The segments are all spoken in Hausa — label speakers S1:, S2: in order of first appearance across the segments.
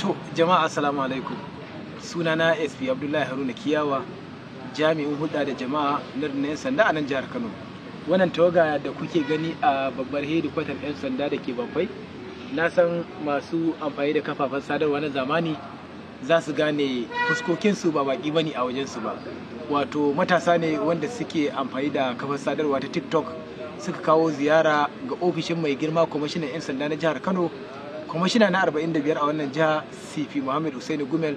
S1: To jama'a assalamu alaikum. Sunana SP Abdullahi Haruna Kiyawa, jami'in hulɗa da jama'a na yan sanda a nan jihar Kano. Wannan tawaga da kuke gani a babbar hedikwatar 'yan sanda da ke babbai, na san masu amfani da kafafen sadarwa na zamani za su gane fuskokinsu ba baki bane a wajensu ba. Wato matasa ne wanda suke amfani da kafar sadarwa ta TikTok suka kawo ziyara ga ofishin mai girma kwamishinan 'yan sanda na jihar Kano kwamishina na 45 a wannan jiha sifi muhammad hussein gumel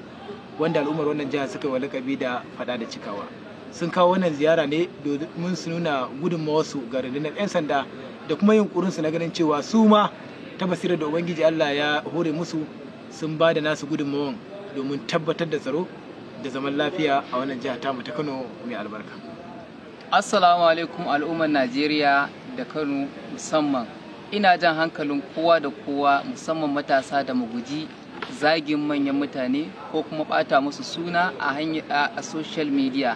S1: wanda al'ummar wannan jiha suka yi lakabi da fada da cikawa sun kawo wannan ziyara ne domin su nuna su ga rundunar 'yan sanda da kuma kurinsu na ganin cewa su ma ta basirar da ubangiji allah ya hore musu sun ba da nasu gudunmawan domin tabbatar da tsaro da zaman lafiya a wannan
S2: jiha tamu ta kano mai albarka assalamu alaikum al'ummar najeriya da kano musamman ina jan hankalin kowa da kowa musamman matasa da maguji zagin manyan mutane ko kuma bata musu suna a hanyar a social media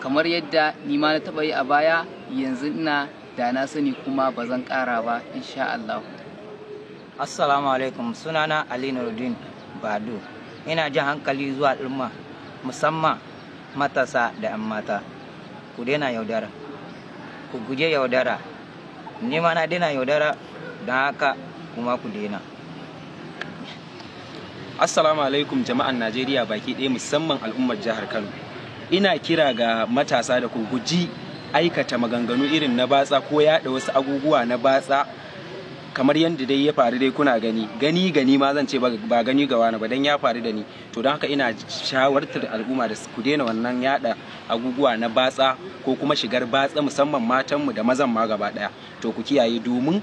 S2: kamar yadda nima na taba yi a baya yanzu ina da na sani kuma ba zan ƙara ba insha Allah.
S3: Assalamu alaikum sunana Ali Nuruddin Badu ina jan hankali zuwa ɗirma musamman matasa da 'yan mata ku daina yaudara ku guje yaudara ni ma na daina yaudara don haka kuma ku daina
S4: assalamu alaikum jama'an najeriya baki ɗaya musamman al'ummar jihar kano ina kira ga matasa da ku guji aikata maganganu irin na batsa ko yaɗa wasu abubuwa na batsa kamar yadda dai ya faru dai kuna gani gani gani ma zan ce ba gani ga wani ba dan ya faru da ni to don haka ina shawartar al'umma da ku daina wannan yada abubuwa na batsa ko kuma shigar batsa musamman matanmu da mazan ma gaba daya to ku kiyaye domin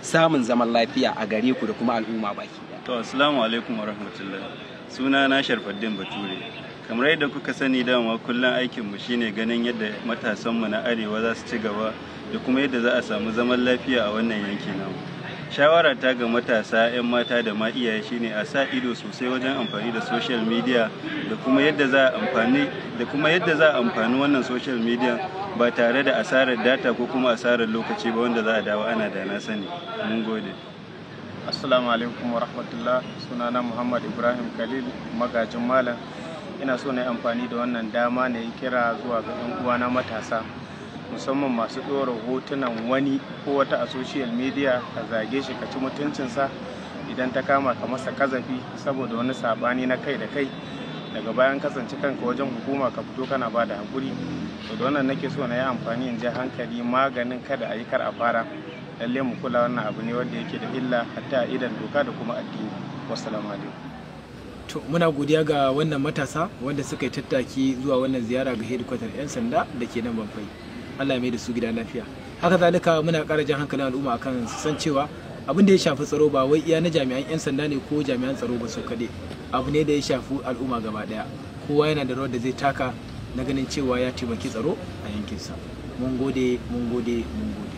S4: samun zaman lafiya a gare ku da kuma al'umma baki
S5: to assalamu alaikum wa rahmatullahi suna na sharfaddin bature kamar yadda kuka sani dama kullum aikinmu shine ganin yadda matasanmu na arewa za su ci gaba da kuma yadda za a samu zaman lafiya a wannan yanki namu shawara ta ga matasa 'yan mata da ma iyaye shine a sa ido sosai wajen amfani da social media da kuma yadda za a amfani da kuma yadda za a amfani wannan social media ba tare da asarar data ko kuma asarar lokaci ba wanda za a dawo ana da na sani mun gode assalamu alaikum wa rahmatullah
S6: sunana muhammad ibrahim khalil magajin malam ina so na amfani da wannan dama ne yi kira zuwa ga 'yan uwana matasa musamman masu ɗora hotunan wani ko wata a social media ka zage shi ka ci mutuncinsa idan ta kama ka masa kazafi saboda wani saɓani na kai da kai daga bayan kasance kanka wajen hukuma ka fito kana ba da haƙuri to da wannan nake so na yi amfani in ji hankali maganin kada a yi kar a fara lalle mu kula wannan abu ne wanda yake da illa hatta a idan doka da kuma addini wassalamu alaikum
S1: to muna godiya ga wannan matasa wanda suka yi tattaki zuwa wannan ziyara ga headquarter 'yan sanda da ke nan bamfai. Allah mai da su gida lafiya haka zalika muna ƙara jan hankalin al'umma akan su san cewa abin da ya shafi tsaro ba wai iya na jami'an 'yan sanda ne ko jami'an tsaro ba su kaɗai abu ne da ya shafi al'umma gaba ɗaya kowa yana da rawar da zai taka na ganin cewa ya taimaki tsaro a yankinsa mun gode mun gode mun gode